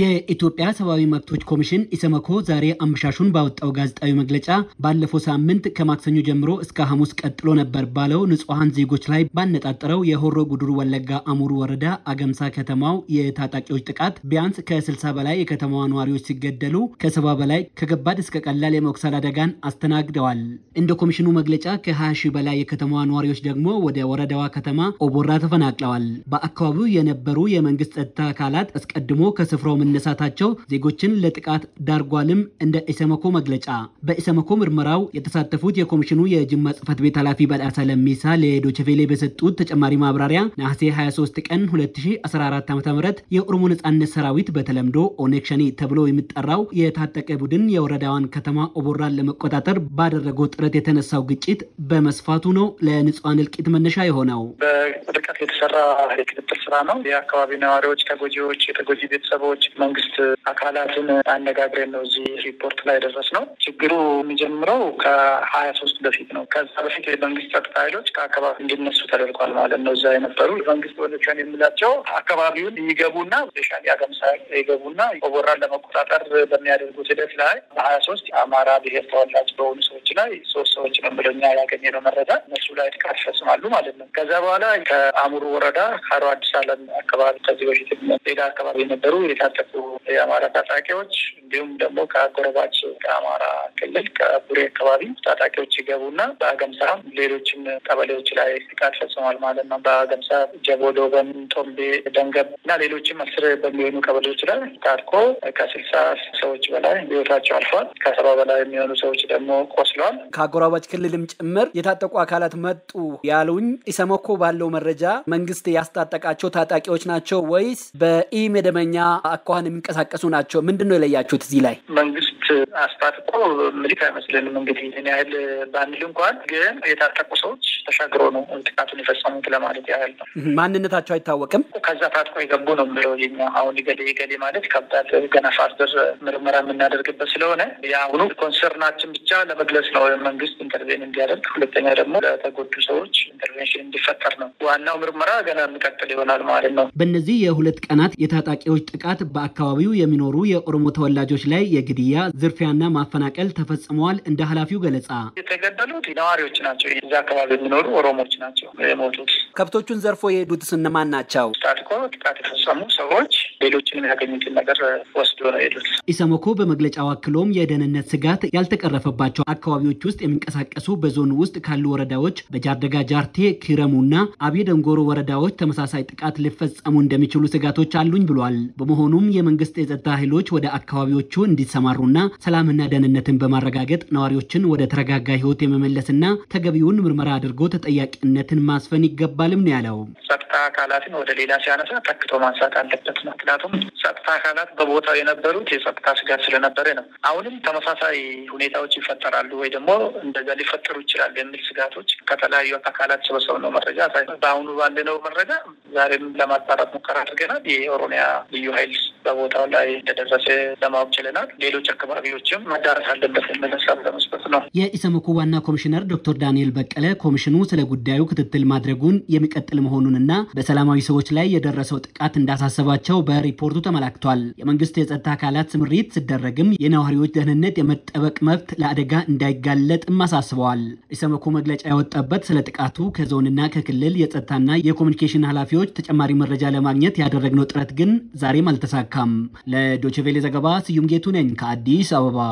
የኢትዮጵያ ሰብአዊ መብቶች ኮሚሽን ኢሰመኮ ዛሬ አመሻሹን ባወጣው ጋዜጣዊ መግለጫ ባለፈው ሳምንት ከማክሰኞ ጀምሮ እስከ ሐሙስ ቀጥሎ ነበር ባለው ንጹሐን ዜጎች ላይ ባነጣጠረው የሆሮ ጉድሩ ወለጋ አሙሩ ወረዳ አገምሳ ከተማው የታጣቂዎች ጥቃት ቢያንስ ከ60 በላይ የከተማዋ ነዋሪዎች ሲገደሉ ከሰባ በላይ ከከባድ እስከ ቀላል የመቁሰል አደጋን አስተናግደዋል። እንደ ኮሚሽኑ መግለጫ ከ20 ሺህ በላይ የከተማዋ ነዋሪዎች ደግሞ ወደ ወረዳዋ ከተማ ኦቦራ ተፈናቅለዋል። በአካባቢው የነበሩ የመንግስት ጸጥታ አካላት አስቀድሞ ከስፍራው መነሳታቸው ዜጎችን ለጥቃት ዳርጓልም። እንደ ኢሰመኮ መግለጫ በኢሰመኮ ምርመራው የተሳተፉት የኮሚሽኑ የጅማ ጽህፈት ቤት ኃላፊ በዳሳ ለሚሳ ለዶችቬሌ በሰጡት ተጨማሪ ማብራሪያ ነሐሴ 23 ቀን 2014 ም የኦሮሞ ነጻነት ሰራዊት በተለምዶ ኦነግ ሸኔ ተብሎ የሚጠራው የታጠቀ ቡድን የወረዳዋን ከተማ ኦቦራን ለመቆጣጠር ባደረገው ጥረት የተነሳው ግጭት በመስፋቱ ነው ለንጹሐን እልቂት መነሻ የሆነው። በርቀት የተሰራ የክትትል ስራ ነው። የአካባቢ ነዋሪዎች፣ ተጎጂዎች፣ የተጎጂ ቤተሰቦች መንግስት አካላትን አነጋግረን ነው እዚህ ሪፖርት ላይ ደረስ ነው። ችግሩ የሚጀምረው ከሀያ ሶስት በፊት ነው። ከዛ በፊት የመንግስት ጸጥታ ኃይሎች ከአካባቢ እንዲነሱ ተደርጓል ማለት ነው። እዛ የነበሩ መንግስት ወሎቻን የምላቸው አካባቢውን ይገቡና ሻሊ አገምሳ ይገቡና ኦቦራን ለመቆጣጠር በሚያደርጉት ሂደት ላይ በሀያ ሶስት የአማራ ብሔር ተወላጅ በሆኑ ሰዎች ላይ ሶስት ሰዎች ነው ብለኛ ያገኘ ነው መረጃ እነሱ ላይ ጥቃት ይፈጽማሉ ማለት ነው። ከዛ በኋላ ከአሙሩ ወረዳ ካሮ አዲስ አለም አካባቢ ከዚህ በፊት ሌላ አካባቢ የነበሩ የታጠ Gracias. የአማራ ታጣቂዎች እንዲሁም ደግሞ ከአጎረባች ከአማራ ክልል ከቡሬ አካባቢ ታጣቂዎች ይገቡና በአገምሳ ሌሎችም ቀበሌዎች ላይ ጥቃት ፈጽሟል ማለት ነው። በአገምሳ ጀቦዶ፣ ዶበን፣ ቶምቤ፣ ደንገብ እና ሌሎችም አስር በሚሆኑ ቀበሌዎች ላይ ታርኮ ከስልሳ ሰዎች በላይ ህይወታቸው አልፏል። ከሰባ በላይ የሚሆኑ ሰዎች ደግሞ ቆስለዋል። ከአጎራባች ክልልም ጭምር የታጠቁ አካላት መጡ ያሉኝ ኢሰመኮ ባለው መረጃ መንግስት ያስታጠቃቸው ታጣቂዎች ናቸው ወይስ በኢ መደበኛ አኳን የሚንቀ የሚንቀሳቀሱ ናቸው። ምንድን ነው የለያችሁት እዚህ ላይ? መንግስት አስታጥቆ ምልክ አይመስልንም። እንግዲህ እኔ ያህል በአንል እንኳን ግን የታጠቁ ሰዎች ተሻግሮ ነው ጥቃቱን የፈጸሙት ለማለት ያህል ነው። ማንነታቸው አይታወቅም። ከዛ ታጥቆ የገቡ ነው የምለው የኛ አሁን ገሌ ገሌ ማለት ከባድ ገና ፋርደር ምርመራ የምናደርግበት ስለሆነ የአሁኑ ኮንሰርናችን ብቻ ለመግለጽ ነው መንግስት ኢንተርቬን እንዲያደርግ፣ ሁለተኛ ደግሞ ለተጎዱ ሰዎች ኢንተርቬንሽን እንዲፈጠር ነው። ዋናው ምርመራ ገና የሚቀጥል ይሆናል ማለት ነው። በእነዚህ የሁለት ቀናት የታጣቂዎች ጥቃት በአካባቢ በአካባቢው የሚኖሩ የኦሮሞ ተወላጆች ላይ የግድያ ዝርፊያና ማፈናቀል ተፈጽመዋል። እንደ ኃላፊው ገለጻ የተገደሉት ነዋሪዎች ናቸው። እዚ አካባቢ የሚኖሩ ኦሮሞዎች ናቸው የሞቱት። ከብቶቹን ዘርፎ የሄዱት እነማን ናቸው? ስታትኮ ጥቃት የተፈጸሙ ሰዎች ሌሎችንም ያገኙትን ነገር ወስዶ ነው የሄዱት። ኢሰመኮ በመግለጫው አክሎም የደህንነት ስጋት ያልተቀረፈባቸው አካባቢዎች ውስጥ የሚንቀሳቀሱ በዞን ውስጥ ካሉ ወረዳዎች በጃርደጋ ጃርቴ፣ ኪረሙና አቤ ደንጎሮ ወረዳዎች ተመሳሳይ ጥቃት ሊፈጸሙ እንደሚችሉ ስጋቶች አሉኝ ብሏል። በመሆኑም የመንግስት መንግስት የጸጥታ ኃይሎች ወደ አካባቢዎቹ እንዲሰማሩና ሰላምና ደህንነትን በማረጋገጥ ነዋሪዎችን ወደ ተረጋጋ ህይወት የመመለስና ተገቢውን ምርመራ አድርጎ ተጠያቂነትን ማስፈን ይገባልም ነው ያለው። የጸጥታ አካላትን ወደ ሌላ ሲያነሳ ተክቶ ማንሳት አለበት ነው። ምክንያቱም ጸጥታ አካላት በቦታው የነበሩት የጸጥታ ስጋት ስለነበረ ነው። አሁንም ተመሳሳይ ሁኔታዎች ይፈጠራሉ ወይ ደግሞ እንደዛ ሊፈጠሩ ይችላሉ የሚል ስጋቶች ከተለያዩ አካላት ሰበሰብ ነው መረጃ በአሁኑ ባለነው መረጃ ዛሬም ለማጣራት ሙከራ አድርገናል። የኦሮሚያ ልዩ ኃይል በቦታው ላይ እንደደረሰ ለማወቅ ችለናል። ሌሎች አካባቢዎችም መዳረስ አለበት የሚል ለመስጠት ነው። የኢሰመኮ ዋና ኮሚሽነር ዶክተር ዳንኤል በቀለ ኮሚሽኑ ስለ ጉዳዩ ክትትል ማድረጉን የሚቀጥል መሆኑንና በሰላማዊ ሰዎች ላይ የደረሰው ጥቃት እንዳሳሰባቸው በሪፖርቱ ተመላክቷል። የመንግስት የጸጥታ አካላት ስምሪት ሲደረግም የነዋሪዎች ደህንነት የመጠበቅ መብት ለአደጋ እንዳይጋለጥም አሳስበዋል። ኢሰመኮ መግለጫ ያወጣበት ስለ ጥቃቱ ከዞንና ከክልል የጸጥታና የኮሚኒኬሽን ኃላፊዎች ተጨማሪ መረጃ ለማግኘት ያደረግነው ጥረት ግን ዛሬም አልተሳካም። ለዶችቬሌ ዘገባ ስዩም ጌቱ ነኝ ከአዲስ አበባ።